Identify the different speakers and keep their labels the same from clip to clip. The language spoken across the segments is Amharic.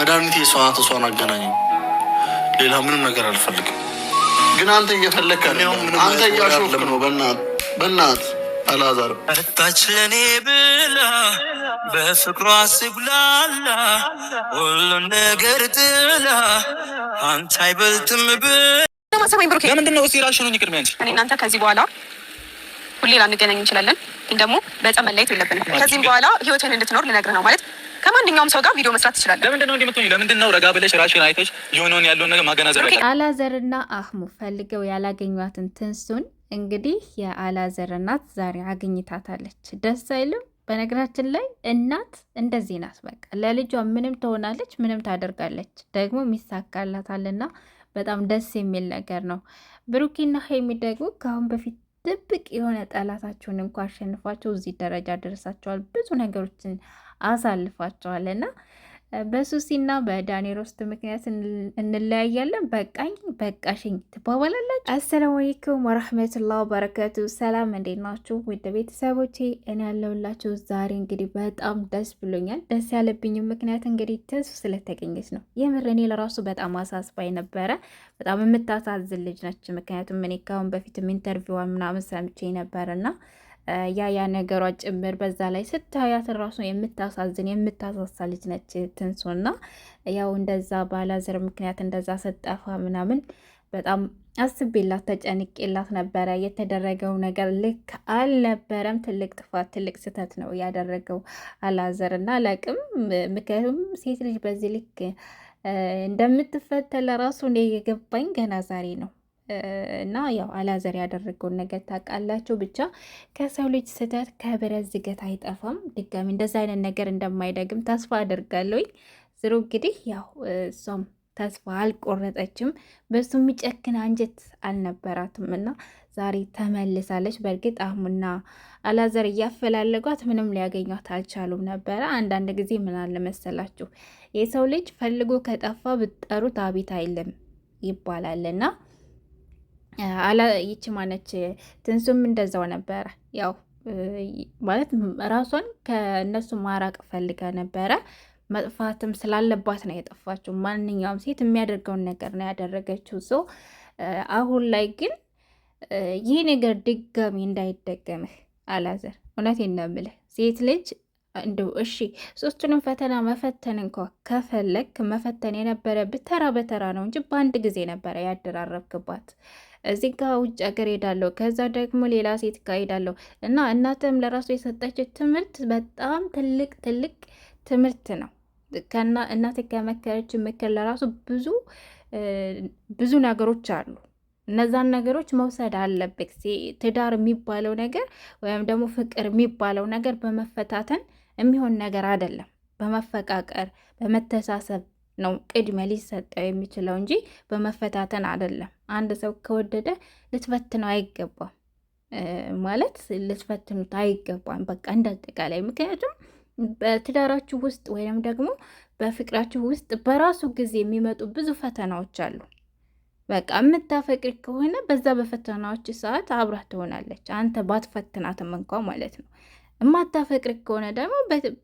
Speaker 1: መድኃኒት የሰዋት እሷን አገናኘኝ። ሌላ ምንም ነገር አልፈልግም። ግን አንተ እየፈለግከ አንተ እያሾክ ነው። በእናት በእናት አላዛር
Speaker 2: መጣች ለኔ ብላ በፍቅሯ ስጉላላ ሁሉን ነገር ጥላ አንተ አይበልጥም ብ
Speaker 3: ለምንድን ነው ራሽኑን ይቅድሚ አንቺ እኔ እናንተ ከዚህ በኋላ ሁሌ ላንገናኝ እንችላለን፣ ግን ደግሞ በጸመን ላይት የለብንም። ከዚህም በኋላ ህይወትን እንድትኖር ልነግርህ ነው ማለት ከማንኛውም ሰው ጋር ቪዲዮ መስራት ትችላለህ።
Speaker 4: ለምንድነው እንዲህ ለምንድነው ረጋ ብለሽ ራሽን አይተሽ የሆነውን ያለውን ነገር ማገናዘብ
Speaker 5: አላዘርና አህሙ ፈልገው ያላገኟትን ትንሱን እንግዲህ የአላዘር እናት ዛሬ አግኝታታለች። ደስ አይልም? በነገራችን ላይ እናት እንደዚህ ናት። በቃ ለልጇ ምንም ትሆናለች፣ ምንም ታደርጋለች። ደግሞ ይሳካላታልና በጣም ደስ የሚል ነገር ነው። ብሩኪና ሀይሚ ደግሞ ከአሁን በፊት ድብቅ የሆነ ጠላታችሁን እንኳ አሸንፏቸው እዚህ ደረጃ ደርሳቸዋል። ብዙ ነገሮችን እና በሱሲና በዳኒ ሮስት ምክንያት እንለያያለን፣ በቃኝ በቃሽኝ ትባባላላችሁ።
Speaker 6: አሰላሙ አለይኩም ወራህመቱላሂ ወበረካቱ። ሰላም እንዴት ናችሁ ውድ ቤተሰቦቼ? እኔ ያለሁላችሁ ዛሬ እንግዲህ በጣም ደስ ብሎኛል። ደስ ያለብኝም ምክንያት እንግዲህ ትንሱ ስለተገኘች ነው። የምር እኔ ለራሱ በጣም አሳስባኝ ነበረ። በጣም የምታሳዝን ልጅ ነች። ምክንያቱም እኔ ካሁን በፊትም ኢንተርቪዋ ምናምን ሰምቼ ነበርና ያ ያ ነገሯ ጭምር በዛ ላይ ስታያት ራሱ የምታሳዝን የምታሳሳ ልጅ ነች ትንሱና ያው እንደዛ ባላዘር ምክንያት እንደዛ ስጠፋ ምናምን በጣም አስቤላት ተጨንቄላት ነበረ። የተደረገው ነገር ልክ አልነበረም። ትልቅ ጥፋት፣ ትልቅ ስህተት ነው ያደረገው አላዘር እና አላቅም። ምክንያቱም ሴት ልጅ በዚህ ልክ እንደምትፈተለ ራሱ እኔ የገባኝ ገና ዛሬ ነው። እና ያው አላዘር ያደረገውን ነገር ታውቃላችሁ። ብቻ ከሰው ልጅ ስህተት ከብረት ዝገት አይጠፋም። ድጋሚ እንደዚ አይነት ነገር እንደማይደግም ተስፋ አደርጋለሁኝ። ዝሮ እንግዲህ ያው እሷም ተስፋ አልቆረጠችም። በሱ የሚጨክን አንጀት አልነበራትም እና ዛሬ ተመልሳለች። በእርግጥ አህሙና አላዘር እያፈላለጓት ምንም ሊያገኟት አልቻሉም ነበረ። አንዳንድ ጊዜ ምን አለ መሰላችሁ የሰው ልጅ ፈልጎ ከጠፋ ብጠሩት አቤት አይልም ይባላልና አላ ይቺ ማነች ትንሱም እንደዛው ነበረ። ያው ማለት ራሷን ከእነሱ ማራቅ ፈልጋ ነበረ። መጥፋትም ስላለባት ነው የጠፋችው። ማንኛውም ሴት የሚያደርገውን ነገር ነው ያደረገችው። ሰው አሁን ላይ ግን ይህ ነገር ድጋሚ እንዳይደገምህ አላዘር፣ እውነት ነው ሴት ልጅ እንደው እሺ ሶስቱንም ፈተና መፈተን እንኳ ከፈለግ መፈተን የነበረብህ ተራ በተራ ነው እንጂ በአንድ ጊዜ ነበረ ያደራረብክባት። እዚህ ጋ ውጭ ሀገር ሄዳለሁ፣ ከዛ ደግሞ ሌላ ሴት ጋር ሄዳለሁ እና እናትም ለራሱ የሰጠች ትምህርት በጣም ትልቅ ትልቅ ትምህርት ነው። ከና እናት ከመከረች ምክር ለራሱ ብዙ ብዙ ነገሮች አሉ። እነዛን ነገሮች መውሰድ አለብክ። ትዳር የሚባለው ነገር ወይም ደግሞ ፍቅር የሚባለው ነገር በመፈታተን የሚሆን ነገር አይደለም። በመፈቃቀር በመተሳሰብ ነው ቅድሚያ ሊሰጠው የሚችለው እንጂ በመፈታተን አይደለም። አንድ ሰው ከወደደ ልትፈትነው አይገባም ማለት ልትፈትኑት አይገባም፣ በቃ እንደ አጠቃላይ። ምክንያቱም በትዳራችሁ ውስጥ ወይም ደግሞ በፍቅራችሁ ውስጥ በራሱ ጊዜ የሚመጡ ብዙ ፈተናዎች አሉ። በቃ የምታፈቅር ከሆነ በዛ በፈተናዎች ሰዓት አብራህ ትሆናለች፣ አንተ ባትፈትናትም እንኳ ማለት ነው። የማታፈቅር ከሆነ ደግሞ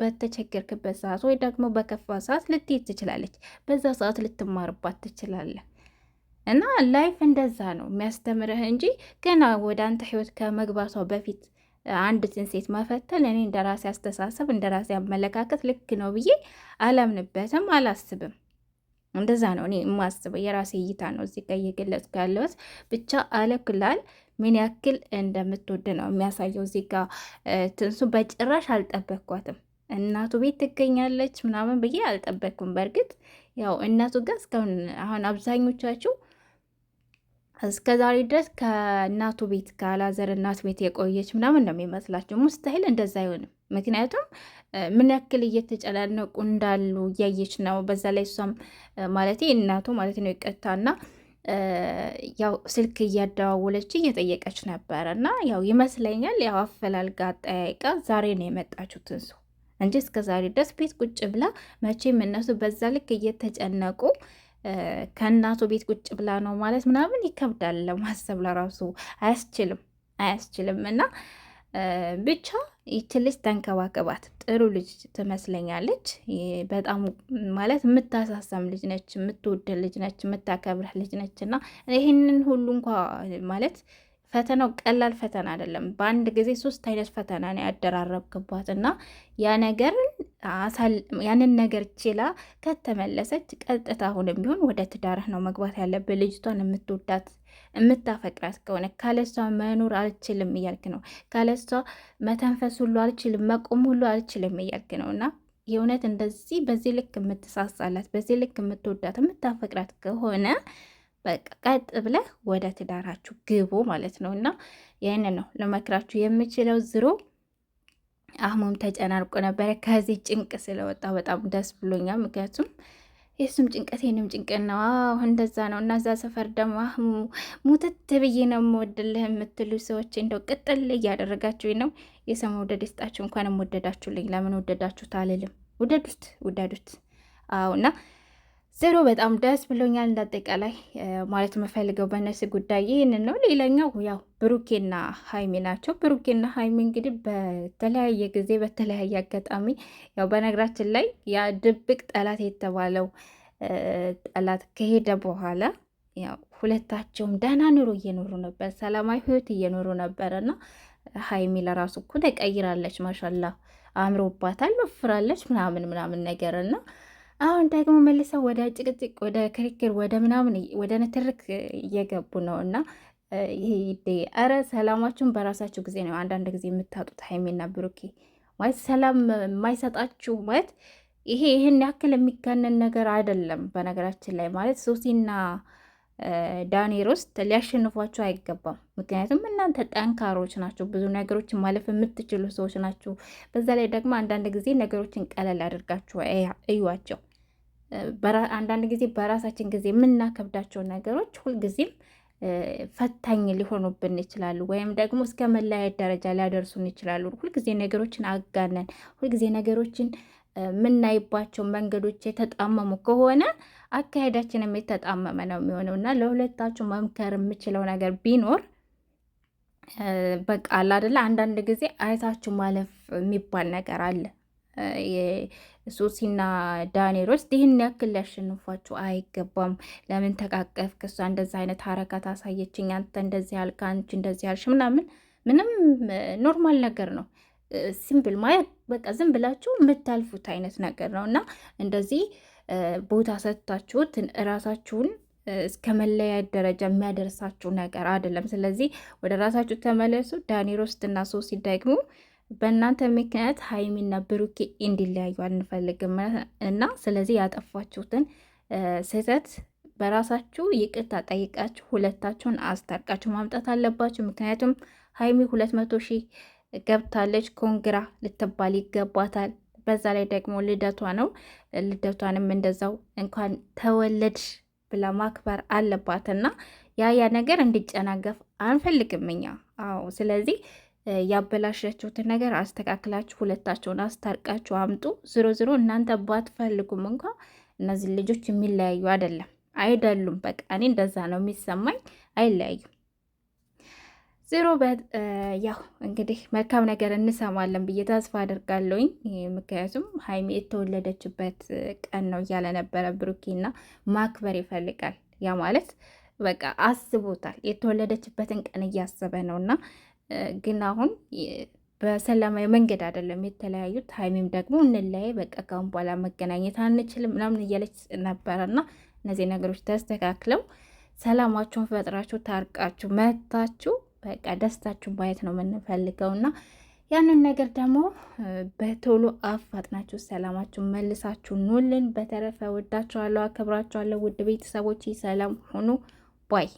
Speaker 6: በተቸገርክበት ሰዓት ወይ ደግሞ በከፋ ሰዓት ልትሄድ ትችላለች። በዛ ሰዓት ልትማርባት ትችላለህ። እና ላይፍ እንደዛ ነው የሚያስተምርህ እንጂ ገና ወደ አንተ ህይወት ከመግባቷ በፊት አንዲትን ሴት መፈተል እኔ እንደ ራሴ አስተሳሰብ እንደ ራሴ አመለካከት ልክ ነው ብዬ አላምንበትም፣ አላስብም። እንደዛ ነው እኔ የማስበው፣ የራሴ እይታ ነው እዚህ ጋር እየገለጽኩ ያለሁት ብቻ አለክላል ምን ያክል እንደምትወድ ነው የሚያሳየው። እዚህ ጋ ትንሱ በጭራሽ አልጠበቅኳትም። እናቱ ቤት ትገኛለች ምናምን ብዬ አልጠበቅኩም። በእርግጥ ያው እናቱ ጋር እስካሁን አሁን አብዛኞቻችሁ እስከ ዛሬ ድረስ ከእናቱ ቤት ከአላዘር እናቱ ቤት የቆየች ምናምን ነው የሚመስላቸው። ሙስታሂል እንደዛ አይሆንም። ምክንያቱም ምን ያክል እየተጨናነቁ እንዳሉ እያየች ነው። በዛ ላይ እሷም ማለት እናቱ ማለት ነው ይቀታና ያው ስልክ እያደዋወለች እየጠየቀች ነበረ እና ያው ይመስለኛል ያው አፈላልጋ አጠያይቃ ዛሬ ነው የመጣችው ትንሱ እንጂ እስከ ዛሬ ድረስ ቤት ቁጭ ብላ መቼም እነሱ በዛ ልክ እየተጨነቁ ከእናቱ ቤት ቁጭ ብላ ነው ማለት ምናምን ይከብዳል ለማሰብ ለራሱ አያስችልም አያስችልም እና ብቻ ይች ልጅ ተንከባከባት። ጥሩ ልጅ ትመስለኛለች። በጣም ማለት የምታሳሰም ልጅ ነች፣ የምትወድ ልጅ ነች፣ የምታከብርህ ልጅ ነች እና ይህንን ሁሉ እንኳ ማለት ፈተናው ቀላል ፈተና አይደለም። በአንድ ጊዜ ሶስት አይነት ፈተና ነው ያደራረብክባት እና ያ ነገርን ያንን ነገር ችላ ከተመለሰች ቀጥታ አሁንም ቢሆን ወደ ትዳርህ ነው መግባት ያለብህ። ልጅቷን የምትወዳት የምታፈቅራት ከሆነ ካለሷ መኖር አልችልም እያልክ ነው። ካለሷ መተንፈስ ሁሉ አልችልም፣ መቆም ሁሉ አልችልም እያልክ ነው እና የእውነት እንደዚህ በዚህ ልክ የምትሳሳላት፣ በዚህ ልክ የምትወዳት የምታፈቅራት ከሆነ በቃ ቀጥ ብለህ ወደ ትዳራችሁ ግቡ ማለት ነው እና ይህን ነው ለመክራችሁ የምችለው ዝሮ አህሙም ተጨናንቆ ነበረ። ከዚህ ጭንቅ ስለወጣ በጣም ደስ ብሎኛል። ምክንያቱም የእሱም ጭንቀት የኔም ጭንቅ ነው። አዎ እንደዛ ነው። እና እዛ ሰፈር ደግሞ አህሙ ሙትት ብዬ ነው የምወድልህ የምትሉ ሰዎች እንደው ቅጥል እያደረጋችሁ ነው። የሰው መውደድ ይስጣችሁ። እንኳንም ወደዳችሁልኝ። ለምን ወደዳችሁት አልልም። ውደዱት፣ ውደዱት። አዎ እና ዜሮ በጣም ደስ ብሎኛል። እንዳጠቃላይ ማለት የምፈልገው በነሱ ጉዳይ ይህንን ነው። ሌላኛው ያው ብሩኬና ሀይሚ ናቸው። ብሩኬና ሀይሚ እንግዲህ በተለያየ ጊዜ በተለያየ አጋጣሚ ያው በነገራችን ላይ ያ ድብቅ ጠላት የተባለው ጠላት ከሄደ በኋላ ያው ሁለታቸውም ደህና ኑሮ እየኖሩ ነበር፣ ሰላማዊ ህይወት እየኖሩ ነበር እና ሀይሚ ለራሱ እኮ ተቀይራለች። ማሻላ አምሮባታል፣ ወፍራለች ምናምን ምናምን ነገር እና አሁን ደግሞ መልሰው ወደ ጭቅጭቅ፣ ወደ ክርክር፣ ወደ ምናምን ወደ ንትርክ እየገቡ ነው እና ይሄ ኧረ ሰላማችሁን በራሳችሁ ጊዜ ነው አንዳንድ ጊዜ የምታጡት። ሀይሜና ብሩኬ ማለት ሰላም የማይሰጣችሁ ማለት ይሄ ይህን ያክል የሚጋነን ነገር አይደለም። በነገራችን ላይ ማለት ሶሲና ውስጥ ሊያሸንፏችሁ አይገባም። ምክንያቱም እናንተ ጠንካሮች ናችሁ፣ ብዙ ነገሮችን ማለፍ የምትችሉ ሰዎች ናችሁ። በዛ ላይ ደግሞ አንዳንድ ጊዜ ነገሮችን ቀለል አድርጋችሁ እዩዋቸው። አንዳንድ ጊዜ በራሳችን ጊዜ የምናከብዳቸው ነገሮች ሁልጊዜም ፈታኝ ሊሆኑብን ይችላሉ፣ ወይም ደግሞ እስከ መለያየት ደረጃ ሊያደርሱን ይችላሉ። ሁልጊዜ ነገሮችን አጋነን፣ ሁልጊዜ ነገሮችን የምናይባቸው መንገዶች የተጣመሙ ከሆነ አካሄዳችንም የተጣመመ ነው የሚሆነው እና ለሁለታችሁ መምከር የምችለው ነገር ቢኖር በቃ አለ አይደለ፣ አንዳንድ ጊዜ አይታችሁ ማለፍ የሚባል ነገር አለ። ሶሲና ዳኔሮስ ይህን ያክል ሊያሸንፏችሁ አይገባም። ለምን ተቃቀፍ እሷ እንደዚህ አይነት ሀረካት አሳየችኝ፣ አንተ እንደዚህ ያልክ፣ አንቺ እንደዚህ አልሽ ምናምን ምንም ኖርማል ነገር ነው። ሲምፕል ማለት በቃ ዝም ብላችሁ የምታልፉት አይነት ነገር ነው እና እንደዚህ ቦታ ሰጥታችሁት ራሳችሁን እስከ መለያየት ደረጃ የሚያደርሳችሁ ነገር አይደለም። ስለዚህ ወደ ራሳችሁ ተመለሱ። ዳኒ ሮስትና ሶሲ ደግሞ በእናንተ ምክንያት ሀይሚና ብሩኬ እንዲለያዩ አንፈልግም እና ስለዚህ ያጠፋችሁትን ስህተት በራሳችሁ ይቅርታ ጠይቃችሁ ሁለታችሁን አስታርቃችሁ ማምጣት አለባችሁ። ምክንያቱም ሀይሚ ሁለት መቶ ሺህ ገብታለች። ኮንግራ ልትባል ይገባታል። በዛ ላይ ደግሞ ልደቷ ነው። ልደቷንም እንደዛው እንኳን ተወለድሽ ብላ ማክበር አለባትና ያ ያ ነገር እንዲጨናገፍ አንፈልግም እኛ። አዎ ስለዚህ ያበላሻችሁትን ነገር አስተካክላችሁ ሁለታቸውን አስታርቃችሁ አምጡ። ዝሮ ዝሮ እናንተ ባትፈልጉም እንኳ እነዚህ ልጆች የሚለያዩ አይደለም አይደሉም። በቃ እኔ እንደዛ ነው የሚሰማኝ። አይለያዩም። ዜሮ ያው እንግዲህ መልካም ነገር እንሰማለን ብዬ ተስፋ አድርጋለሁኝ። ምክንያቱም ሀይሚ የተወለደችበት ቀን ነው እያለ ነበረ ብሩኬና ማክበር ይፈልጋል። ያ ማለት በቃ አስቦታል። የተወለደችበትን ቀን እያሰበ ነው እና ግን አሁን በሰላማዊ መንገድ አይደለም የተለያዩት። ሀይሚም ደግሞ እንለያይ በቃ ካሁን በኋላ መገናኘት አንችልም ምናምን እያለች ነበረና እነዚህ ነገሮች ተስተካክለው ሰላማችሁን ፈጥራችሁ ታርቃችሁ መታችሁ በቃ ደስታችሁ ማየት ነው የምንፈልገው እና ያንን ነገር ደግሞ በቶሎ አፋጥናችሁ ሰላማችሁ መልሳችሁ ኑልን። በተረፈ ወዳችኋለሁ፣ አክብራችኋለሁ። ውድ ቤተሰቦች ሰላም ሁኑ ባይ